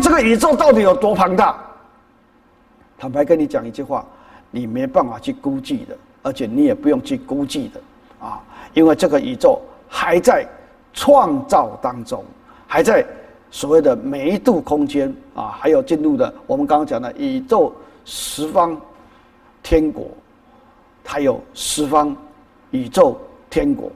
這個宇宙到底有多龐大？坦白跟你講一句話，你沒辦法去估計的，而且你也不用去估計的，啊，因為這個宇宙還在創造當中，還在所謂的每一度空間啊，還有進入的我們剛剛講的宇宙十方天國，還有十方宇宙天國。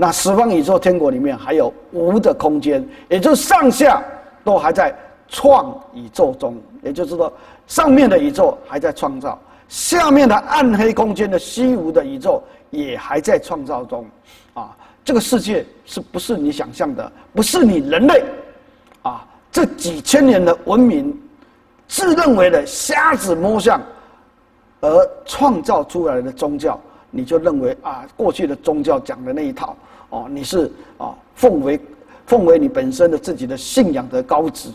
那十方宇宙天國裡面還有無的空間，也就是上下都還在。創宇宙中，也就是說，上面的宇宙還在創造，下面的暗黑空間的虛無的宇宙也還在創造中，啊，這個世界是不是你想象的？不是你人類，啊，這幾千年的文明，自認為的瞎子摸象，而創造出來的宗教，你就認為啊，過去的宗教講的那一套，哦、啊，你是啊，奉為奉為你本身的自己的信仰的高值。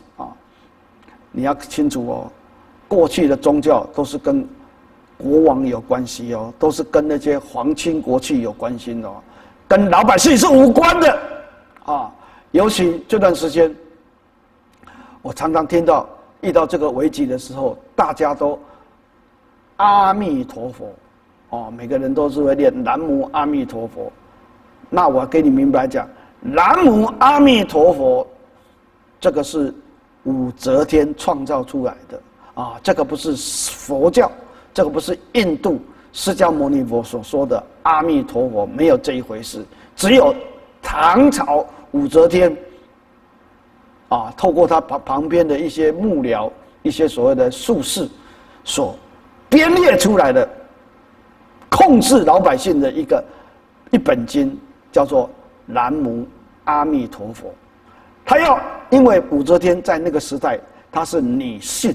你要清楚哦，過去的宗教都是跟國王有關係哦，都是跟那些皇親國戚有關係哦，跟老百姓是無關的啊、哦。尤其這段時間，我常常聽到遇到這個危機的時候，大家都阿彌陀佛哦，每個人都是會念南無阿彌陀佛。那我要跟你明白講，南無阿彌陀佛，這個是。武則天創造出來的，啊，這個不是佛教，這個不是印度釋迦牟尼佛所說的阿彌陀佛，沒有這一回事。只有唐朝武則天，啊，透過他旁旁邊的一些幕僚、一些所謂的術士，所編列出來的，控制老百姓的一個一本經，叫做南無阿彌陀佛。他要，因為武則天在那個時代她是女性，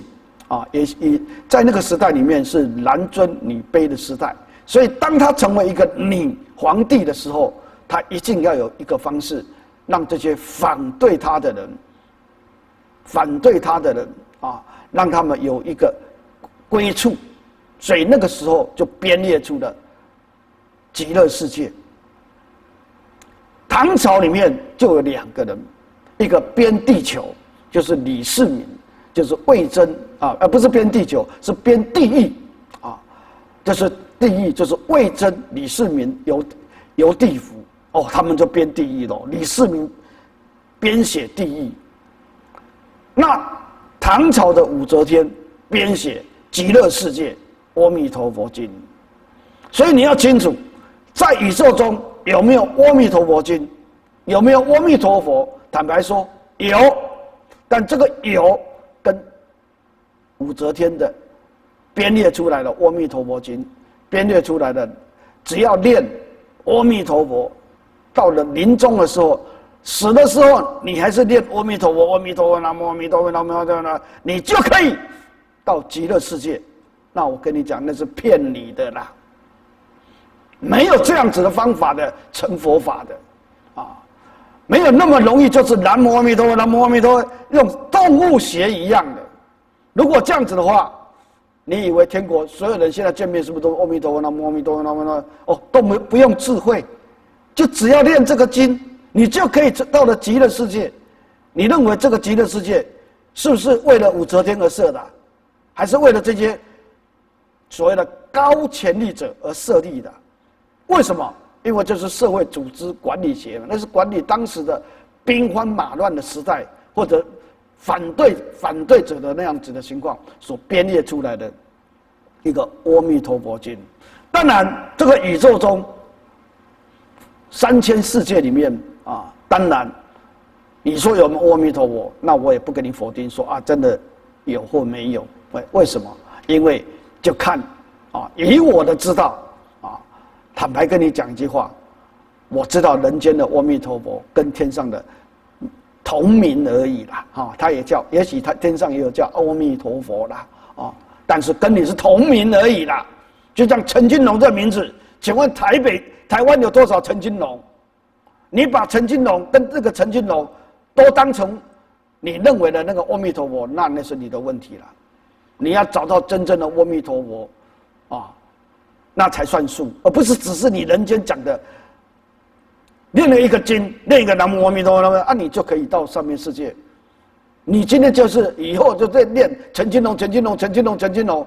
啊，也也在那個時代裡面是男尊女卑的時代，所以當她成為一個女皇帝的時候，她一定要有一個方式，讓這些反對她的人，反對她的人啊，讓他們有一個歸處，所以那個時候就編列出了極樂世界。唐朝裡面就有兩個人。一個編地球就是李世民，就是魏徵啊，而不是編地球，是編地獄啊，就是地獄，就是魏徵、李世民遊遊地府哦，他們就編地獄咯，李世民編寫地獄，那唐朝的武則天編寫《極樂世界》《阿彌陀佛經》，所以你要清楚，在宇宙中有沒有《阿彌陀佛經》，有沒有阿彌陀佛？坦白說，有，但這個有跟武則天的編列出來的《阿彌陀佛經》編列出來的，來的只要念阿彌陀佛，到了臨終的時候，死的時候，你還是念阿彌陀佛，阿彌陀佛，南無阿彌陀佛，南無阿，阿，阿彌陀佛，你就可以到極樂世界。那我跟你講，那是騙你的啦，沒有這樣子的方法的成佛法的。沒有那麼容易，就是南無阿彌陀佛，南無阿彌陀佛，用動物學一樣的。如果這樣子的話，你以為天國所有人現在見面是不是都阿彌陀佛，南無阿彌陀佛，南無阿彌陀佛，哦，都沒不用智慧，就只要念這個經，你就可以到了極樂世界。你認為這個極樂世界是不是為了武則天而設的，還是為了這些所謂的高權力者而設立的？為什麼？因為就是社會組織管理學嘛，那是管理當時的兵荒馬亂的時代，或者反對反對者的那樣子的情況所編列出來的一個《阿彌陀佛經》。當然，這個宇宙中三千世界裡面啊，當然你說有沒有阿彌陀佛，那我也不跟你否定說啊，真的有或沒有？為為什麼？因為就看啊，以我的知道。坦白跟你講一句話，我知道人間的阿彌陀佛跟天上的同名而已啦，哈，他也叫，也許他天上也有叫阿彌陀佛啦，啊，但是跟你是同名而已啦。就像陳金龍這個名字，請問台北、台灣有多少陳金龍？你把陳金龍跟這個陳金龍都當成你認為的那個阿彌陀佛，那那是你的問題了。你要找到真正的阿彌陀佛，啊、哦。那才算數，而不是只是你人間講的練了一個經，練一個南無阿彌陀佛啊，你就可以到上面世界。你今天就是以後就在練陳金龍，陳金龍，陳金龍，陳金龍。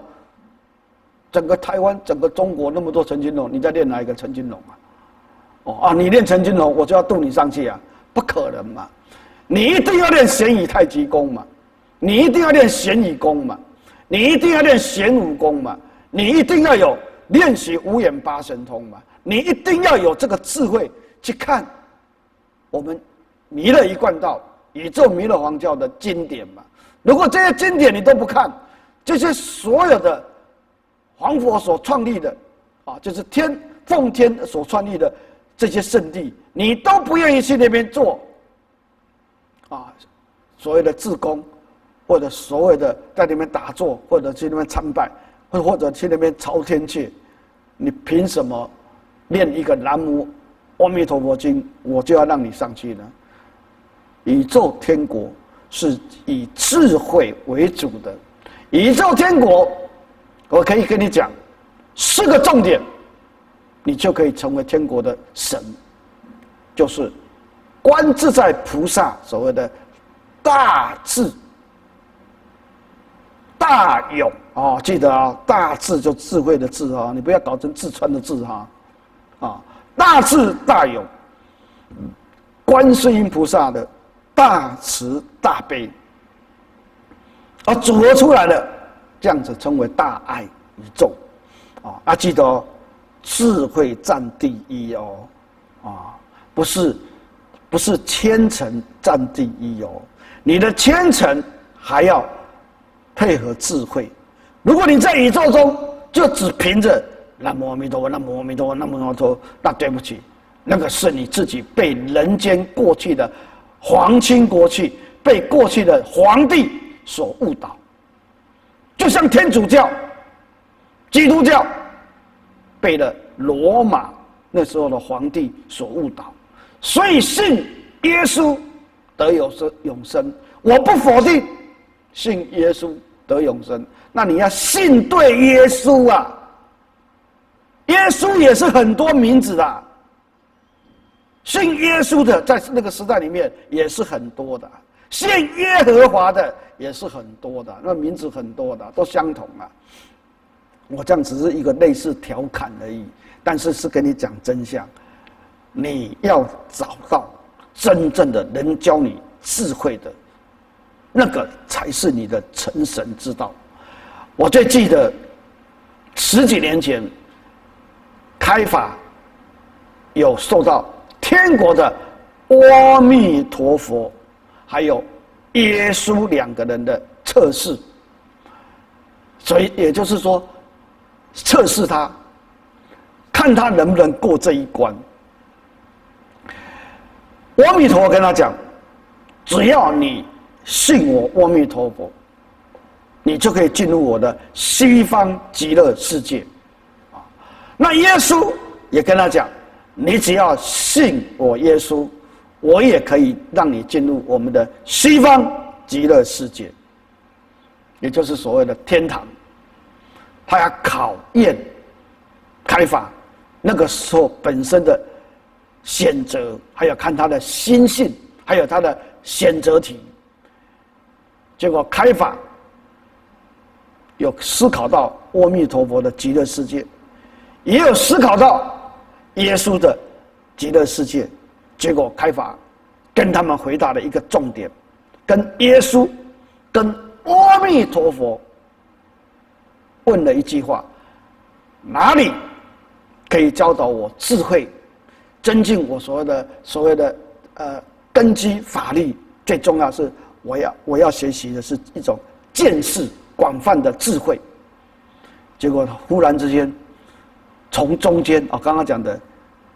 整個台灣，整個中國那麼多陳金龍，你在練哪一個陳金龍啊？哦啊，你練陳金龍，我就要渡你上去啊？不可能嘛！你一定要練鹹魚太極功嘛！你一定要練鹹魚功嘛！你一定要練鹹武功嘛！你一定要有。練習五眼八神通嘛，你一定要有這個智慧去看我們彌勒一貫道、宇宙彌勒皇教的經典嘛。如果這些經典你都不看，這些所有的皇佛所創立的啊，就是天奉天所創立的這些聖地，你都不願意去那邊做啊，所謂的志工，或者所謂的在那邊打坐，或者去那邊參拜，或或者去那邊朝天闕。你憑什麼念一個南無阿彌陀佛經，我就要讓你上去呢？宇宙天國是以智慧為主的。宇宙天國，我可以跟你講四個重點，你就可以成為天國的神，就是觀自在菩薩所謂的大智。大勇哦，記得啊、哦！大智就智慧的智啊、哦，你不要搞成痔瘡的痔哈、哦，啊、哦！大智大勇，觀世音菩薩的大慈大悲，啊、哦，組合出來的這樣子稱為大愛宇宙，啊，要記得智慧占第一哦，啊，不是、哦哦哦、不是，虔誠占第一哦，你的虔誠還要。配合智慧，如果你在宇宙中就只憑着南無阿彌陀佛，南無阿彌陀佛，南無阿彌陀佛，那對不起，那個是你自己被人間過去的皇親國戚、被過去的皇帝所誤導，就像天主教、基督教被了羅馬那時候的皇帝所誤導，所以信耶穌得有生永生，我不否定。信耶穌得永生，那你要信對耶穌啊！耶穌也是很多名字的啊，信耶穌的在那個時代裡面也是很多的，信耶和華的也是很多的，那名字很多的都相同啊。我這樣只是一個類似調侃而已，但是是跟你講真相。你要找到真正的能教你智慧的。那個才是你的成神之道。我最記得十幾年前開法，有受到天國的阿彌陀佛，還有耶穌兩個人的測試，所以也就是說測試他，看他能不能過這一關。阿彌陀佛跟他講，只要你信我，阿彌陀佛，你就可以進入我的西方極樂世界。啊，那耶穌也跟他講，你只要信我耶穌，我也可以讓你進入我們的西方極樂世界，也就是所謂的天堂。他要考驗、開發那個時候本身的選擇，還有看他的心性，還有他的選擇題。結果開法有思考到阿彌陀佛的極樂世界，也有思考到耶穌的極樂世界。結果開法跟他們回答了一個重點，跟耶穌、跟阿彌陀佛問了一句話：哪裡可以教導我智慧，增進我所謂的所謂的呃根基法力？最重要是。我要我要學習的是一種見識廣泛的智慧。結果忽然之間，從中間啊、哦，剛剛講的，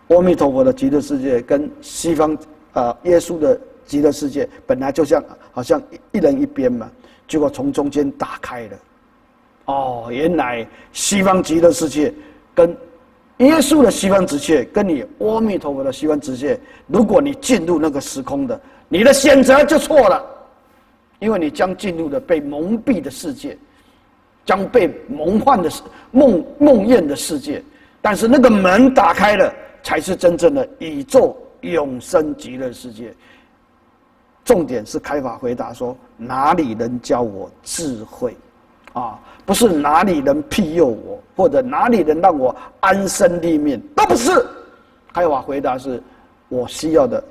阿彌陀佛的極樂世界跟西方啊、呃、耶穌的極樂世界，本來就像好像一,一人一邊嘛。結果從中間打開了，哦，原來西方極樂世界跟耶穌的西方直覺跟你阿彌陀佛的西方直覺，如果你進入那個時空的，你的選擇就錯了。因為你將進入的被蒙蔽的世界，將被蒙幻的夢夢魘的世界。但是那個門打開了，才是真正的宇宙永生極樂世界。重點是開法回答說：哪裡能教我智慧？啊，不是哪裡能庇佑我，或者哪裡能讓我安身立命，都不是。開法回答是：我需要的。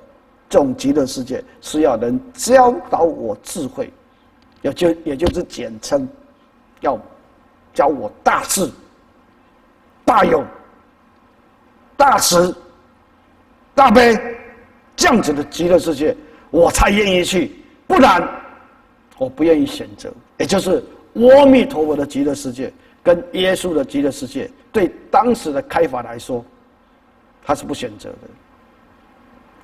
這種極樂世界是要能教導我智慧，也就也就是簡稱，要教我大智、大勇、大慈、大悲，這樣子的極樂世界我才願意去，不然我不願意選擇。也就是阿彌陀佛的極樂世界跟耶穌的極樂世界，對當時的開法來說，他是不選擇的。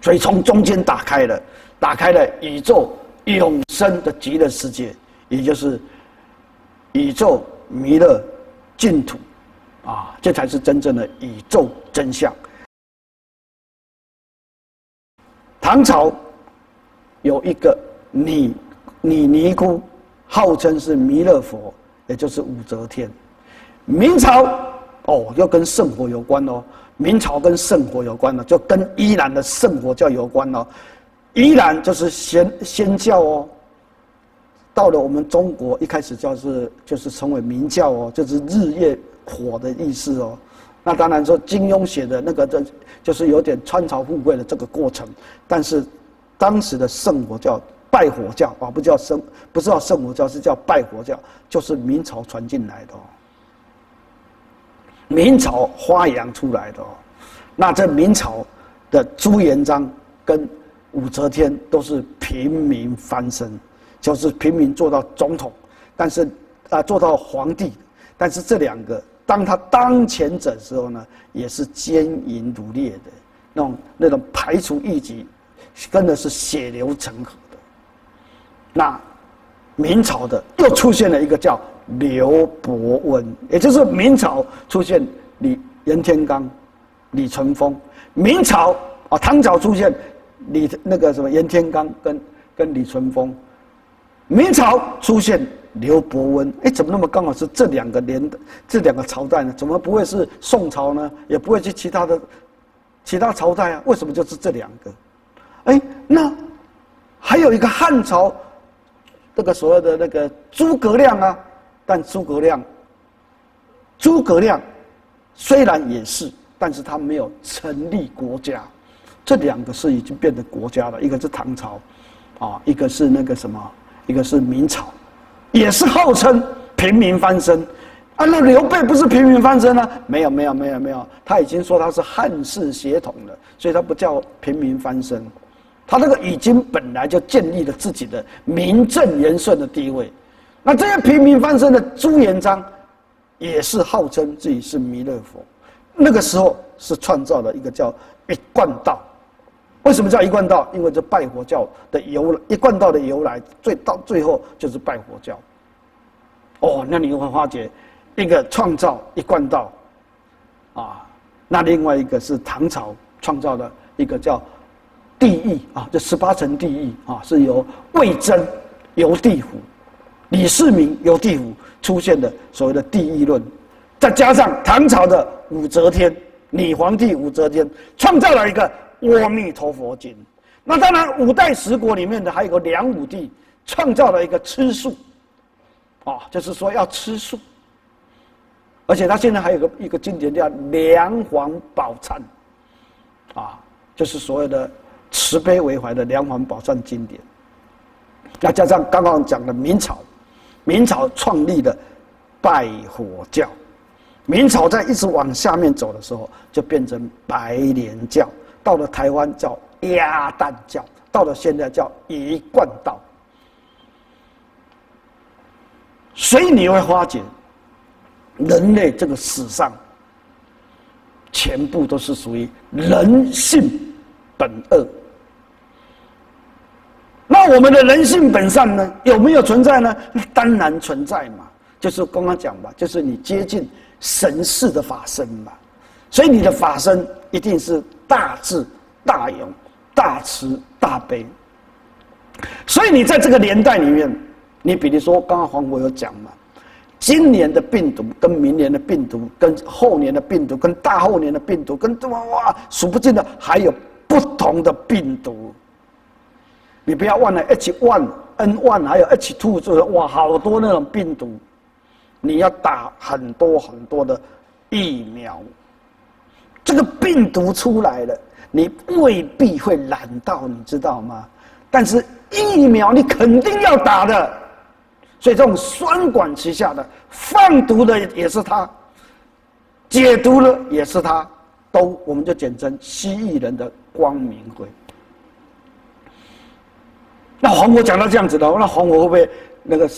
所以從中間打開了，打開了宇宙永生的極樂世界，也就是宇宙彌勒淨土，啊，這才是真正的宇宙真相。唐朝有一個女女尼姑，號稱是彌勒佛，也就是武則天。明朝。哦，要跟聖火有關哦。明朝跟聖火有關的，就跟伊朗的聖火教有關哦。伊朗就是祆祆教哦。到了我們中國，一開始就是就是稱為明教哦，就是日夜火的意思哦。那當然說金庸寫的那個，這就是有點穿鑿附會的這個過程。但是當時的聖火教拜火教啊，不叫聖，不知道聖火教是叫拜火教，就是明朝傳進來的、哦。明朝發揚出來的，那在明朝的朱元璋跟武則天都是平民翻身，就是平民做到總統，但是啊做到皇帝，但是這兩個當他當權者的時候呢，也是奸淫擄掠的，那種那種排除異己，真的是血流成河的。那明朝的又出現了一個叫。劉伯溫，也就是明朝出現李袁天罡、李淳風。明朝啊，唐朝出現李那個什麼袁天罡跟跟李淳風。明朝出現劉伯溫，哎、欸，怎麼那麼剛好是這兩個年代，這兩個朝代呢？怎麼不會是宋朝呢？也不會是其他的其他朝代啊？為什麼就是這兩個？哎、欸，那還有一個漢朝，這個所謂的那個諸葛亮啊。但諸葛亮，諸葛亮雖然也是，但是他沒有成立國家，這兩個是已經變成國家了，一個是唐朝，啊，一個是那個什麼，一個是明朝，也是號稱平民翻身，啊，那劉備不是平民翻身呢、啊？沒有，沒有，沒有，沒有，他已經說他是漢室血統了，所以他不叫平民翻身，他那個已經本來就建立了自己的名正言順的地位。那這些平民翻身的朱元璋，也是號稱自己是彌勒佛。那個時候是創造了一個叫一貫道。為什麼叫一貫道？因為這拜火教的由來，一貫道的由來最，最到最後就是拜火教。哦，那你會發覺一個創造一貫道，啊，那另外一個是唐朝創造了一個叫地獄啊，這十八層地獄啊，是由魏徵遊地府，李世民由地府出現的所謂的地獄論，再加上唐朝的武則天女皇帝武則天創造了一個《阿彌陀佛經》，那當然五代十國裡面的還有個梁武帝創造了一個吃素，啊，就是說要吃素，而且他現在還有個一個經典叫《梁皇寶懺》，啊，就是所謂的慈悲為懷的《梁皇寶懺》經典，那加上剛剛講的明朝。明朝創立的拜火教，明朝在一直往下面走的時候，就變成白蓮教，到了台灣叫鴨蛋教，到了現在叫一貫道。所以你會發覺，人類這個史上，全部都是屬於人性本惡。那我們的人性本善呢？有沒有存在呢？當然存在嘛。就是剛剛講吧，就是你接近神世的法身嘛。所以你的法身一定是大智、大勇、大慈、大悲。所以你在這個年代裡面，你比如說剛剛黃國有講嘛，今年的病毒跟明年的病毒跟後年的病毒跟大後年的病毒跟哇哇數不盡的還有不同的病毒。你不要忘了 H one N one 還有 H two，就是哇，好多那種病毒，你要打很多很多的疫苗。這個病毒出來了，你未必會懶到，你知道嗎？但是疫苗你肯定要打的，所以這種雙管齊下的，販毒的也是他，解毒了也是他，都我們就簡稱蜥蜴人的光明會。那皇佛講到這樣子的話，那皇佛會不會那個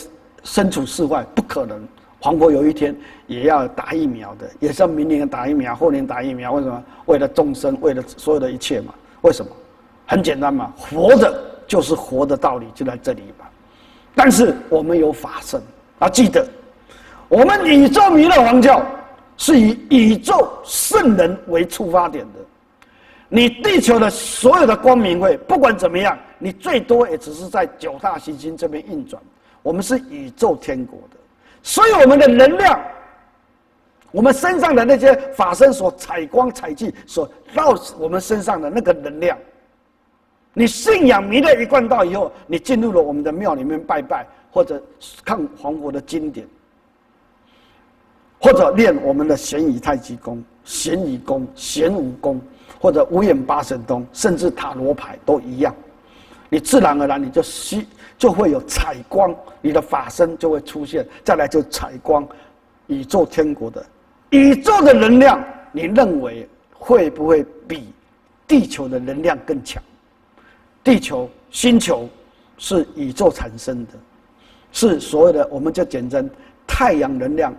身處世外？不可能，皇佛有一天也要打疫苗的，也是要明年打疫苗，後年打疫苗。為什麼？為了眾生，為了所有的一切嘛。為什麼？很簡單嘛，活着就是活的道理就在這裡吧。但是我們有法身啊，記得我們宇宙彌勒皇教是以宇宙聖人為出發點的。你地球的所有的光明會，不管怎麼樣。你最多也只是在九大行星這邊運轉，我們是宇宙天國的，所以我們的能量，我們身上的那些法身所採光採氣所繞我們身上的那個能量，你信仰彌勒一貫道以後，你進入了我們的廟裡面拜拜，或者看皇佛的經典，或者練我們的鹹宜太極功、鹹宜功、鹹武功，或者五眼八神通，甚至塔羅牌都一樣。你自然而然你就吸就會有採光，你的法身就會出現。再來就採光，宇宙天國的宇宙的能量，你認為會不會比地球的能量更強？地球星球是宇宙產生的，是所謂的我們就簡稱太陽能量。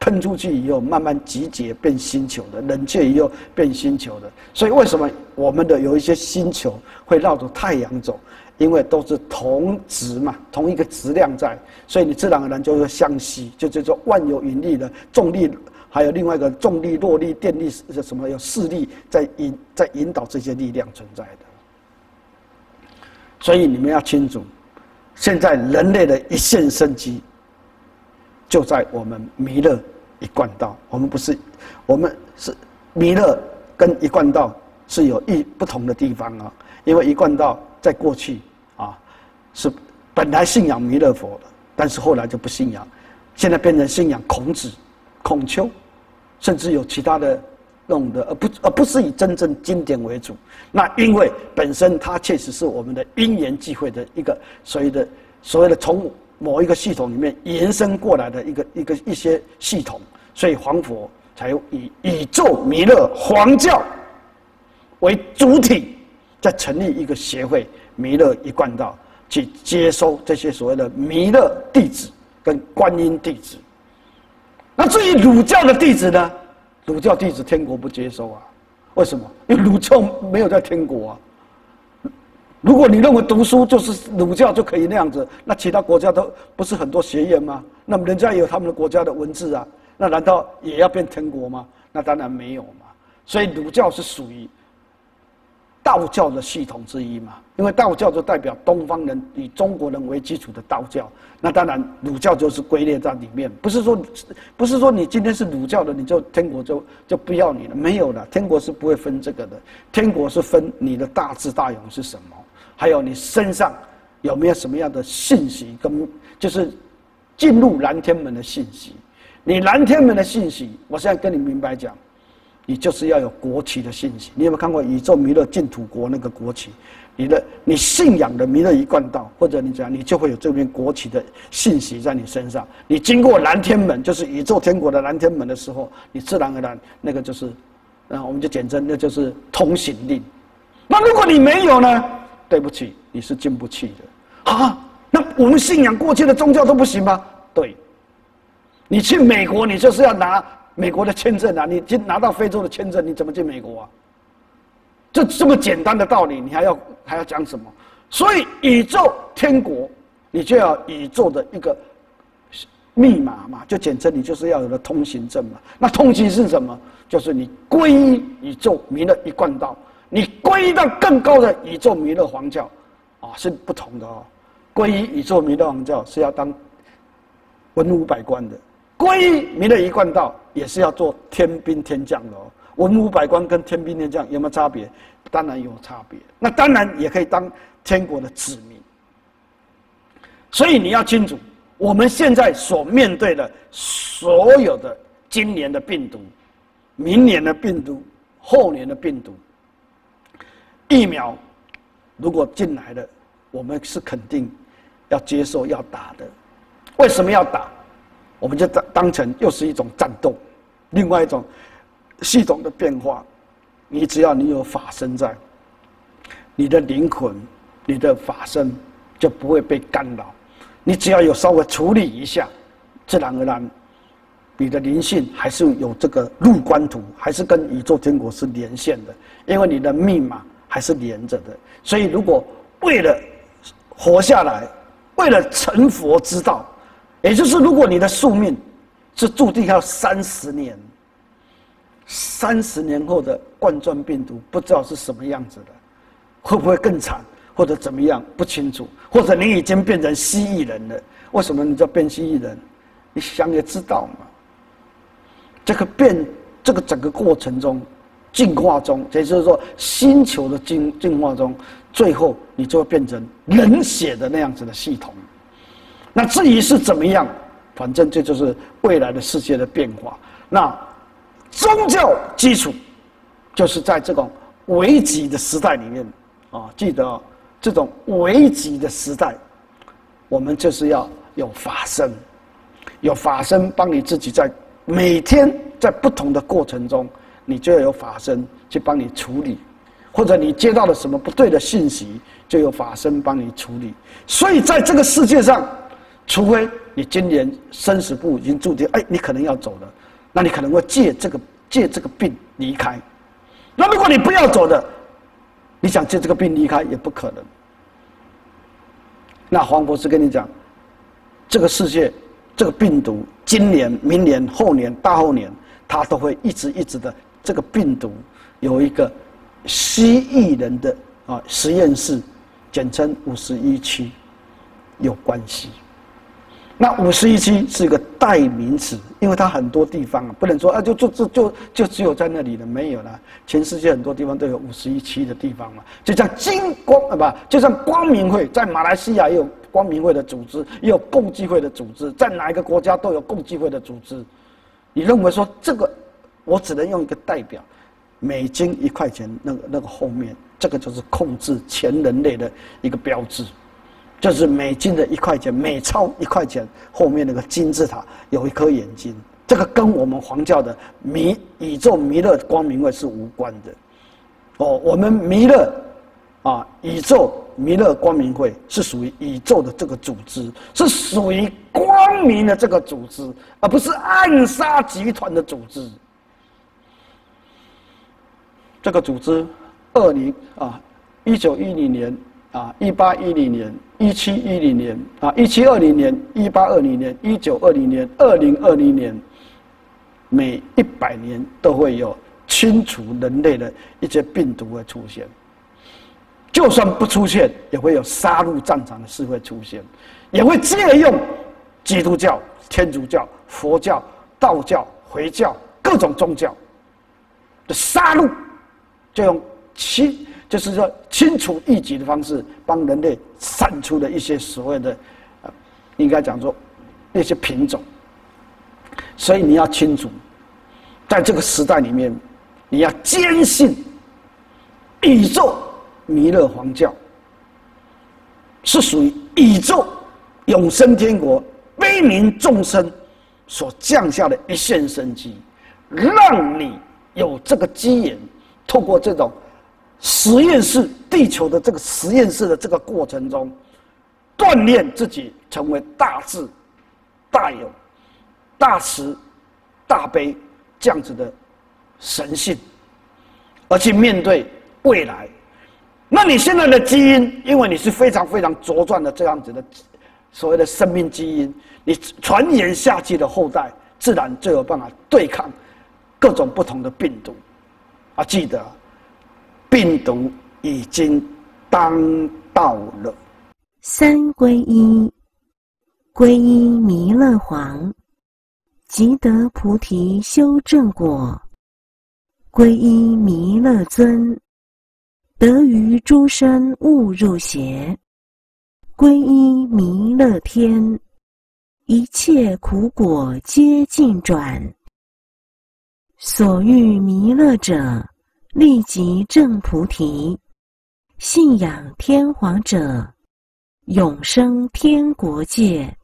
噴出去以後，慢慢集結變星球的，冷卻以後變星球的。所以為什麼我們的有一些星球會繞着太陽走？因為都是同質嘛，同一個質量在，所以你自然而然就會相吸，就叫做萬有引力的重力，還有另外一個重力、弱力、電力是什麼有勢力在引在引導這些力量存在的。所以你們要清楚，現在人類的一線生機。就在我們彌勒一貫道，我們不是，我們是彌勒跟一貫道是有一不同的地方啊。因為一貫道在過去啊，是本來信仰彌勒佛的，但是後來就不信仰，現在變成信仰孔子、孔丘，甚至有其他的弄的，而不而不是以真正經典為主。那因為本身它確實是我們的因緣際會的一個所謂的所謂的從。某一個系統裡面延伸過來的一個一個一些系統，所以皇佛才以宇宙彌勒皇教為主體，在成立一個協會——彌勒一貫道，去接收這些所謂的彌勒弟子跟觀音弟子。那至於儒教的弟子呢？儒教弟子天國不接收啊？為什麼？因為儒教沒有在天國啊。如果你認為讀書就是儒教就可以那樣子，那其他國家都不是很多學院嗎？那麼人家也有他們的國家的文字啊，那難道也要變天國嗎？那當然沒有嘛。所以儒教是屬於道教的系統之一嘛，因為道教就代表東方人以中國人為基礎的道教，那當然儒教就是歸類在裡面。不是說不是說你今天是儒教的，你就天國就就不要你了，沒有的，天國是不會分這個的。天國是分你的大智大勇是什麼？還有你身上有沒有什麼樣的信息？跟就是進入南天門的信息，你南天門的信息，我現在跟你明白講，你就是要有國旗的信息。你有沒有看過《宇宙彌勒淨土國》那個國旗？你的你信仰的彌勒一貫道，或者你怎樣，你就會有這面國旗的信息在你身上。你經過南天門，就是宇宙天國的南天門的時候，你自然而然那個就是，那我們就簡稱那就是通行令。那如果你沒有呢？對不起，你是進不去的，啊？那我們信仰過去的宗教都不行嗎？對，你去美國，你就是要拿美國的簽證啊！你去拿到非洲的簽證，你怎麼進美國啊？這這麼簡單的道理，你還要還要講什麼？所以宇宙天國，你就要宇宙的一個密碼嘛，就簡稱你就是要有了通行證嘛。那通行證是什麼？就是你皈依宇宙，明了一貫道。你皈依到更高的宇宙彌勒皇教，啊、哦，是不同的哦。皈依宇宙彌勒皇教是要當文武百官的，皈依彌勒一貫道也是要做天兵天將的哦。文武百官跟天兵天將有沒有差別？當然有差別。那當然也可以當天國的子民。所以你要清楚，我們現在所面對的所有的今年的病毒、明年的病毒、後年的病毒。疫苗如果進來了，我們是肯定要接受要打的。為什麼要打？我們就當當成又是一種戰鬥，另外一種系統的變化。你只要你有法身在，你的靈魂、你的法身就不會被干擾。你只要有稍微處理一下，自然而然，你的靈性還是有這個入關圖，還是跟宇宙天國是連線的，因為你的密碼。還是連着的，所以如果為了活下來，為了成佛之道，也就是如果你的宿命是注定要三十年，三十年後的冠狀病毒不知道是什麼樣子的，會不會更慘或者怎麼樣不清楚，或者你已經變成蜥蜴人了？為什麼你叫變蜥蜴人？你想也知道嘛？這個變這個整個過程中。進化中，也就是說，星球的進進化中，最後你就會變成冷血的那樣子的系統。那至於是怎麼樣，反正這就是未來的世界的變化。那宗教基礎就是在這種危急的時代裡面啊、哦，記得、哦、這種危急的時代，我們就是要有法身，有法身幫你自己在每天在不同的過程中。你就要有法身去幫你處理，或者你接到了什麼不對的信息，就有法身幫你處理。所以在這個世界上，除非你今年生死簿已經注定，哎、欸，你可能要走了，那你可能會借這個借這個病離開。那如果你不要走的，你想借這個病離開也不可能。那黃博士跟你講，這個世界這個病毒，今年、明年、後年、大後年，它都會一直一直的。這個病毒有一個蜥蜴人的啊實驗室，簡稱五十一區，有關係。那五十一區是一個代名詞，因為它很多地方啊不能說啊就就就就就只有在那裡了，沒有了。全世界很多地方都有五十一區的地方嘛，就像金光啊不是，就像光明會在馬來西亞也有光明會的組織，也有共濟會的組織，在哪一個國家都有共濟會的組織。你認為說這個？我只能用一個代表，美金一塊錢，那個那個後面，這個就是控制全人類的一個標誌，就是美金的一塊錢，美鈔一塊錢，後面那個金字塔有一顆眼睛，這個跟我們黃教的彌宇宙彌勒光明會是無關的。哦，我們彌勒啊，宇宙彌勒光明會是屬於宇宙的這個組織，是屬於光明的這個組織，而不是暗殺集團的組織。這個組織，二零啊，一九一零年啊，一八一零年，一七一零年啊，一七二零年，一八二零年，一九二零年，二零二零年，每一百年都會有清除人類的一些病毒會出現，就算不出現，也會有殺戮戰場的事會出現，也會借用基督教、天主教、佛教、道教、回教各種宗教的殺戮。就用清，就是說清除異己的方式，幫人類散出的一些所謂的，呃、應該講說那些品種。所以你要清楚，在這個時代裡面，你要堅信，宇宙彌勒皇教是屬於宇宙永生天國悲憫眾生所降下的一線生機，讓你有這個機緣。透過這種實驗室地球的這個實驗室的這個過程中，鍛鍊自己成為大智、大勇、大慈、大悲這樣子的神性，而去面對未來。那你現在的基因，因為你是非常非常茁壯的這樣子的所謂的生命基因，你傳言下去的後代，自然就有辦法對抗各種不同的病毒。啊，記得，病毒已經當道了。三皈依，皈依彌勒皇，即得菩提修正果；皈依彌勒尊，得於諸生勿入邪；皈依彌勒天，一切苦果皆盡轉。所遇彌勒者，立即證菩提；信仰天皇者，永生天國界。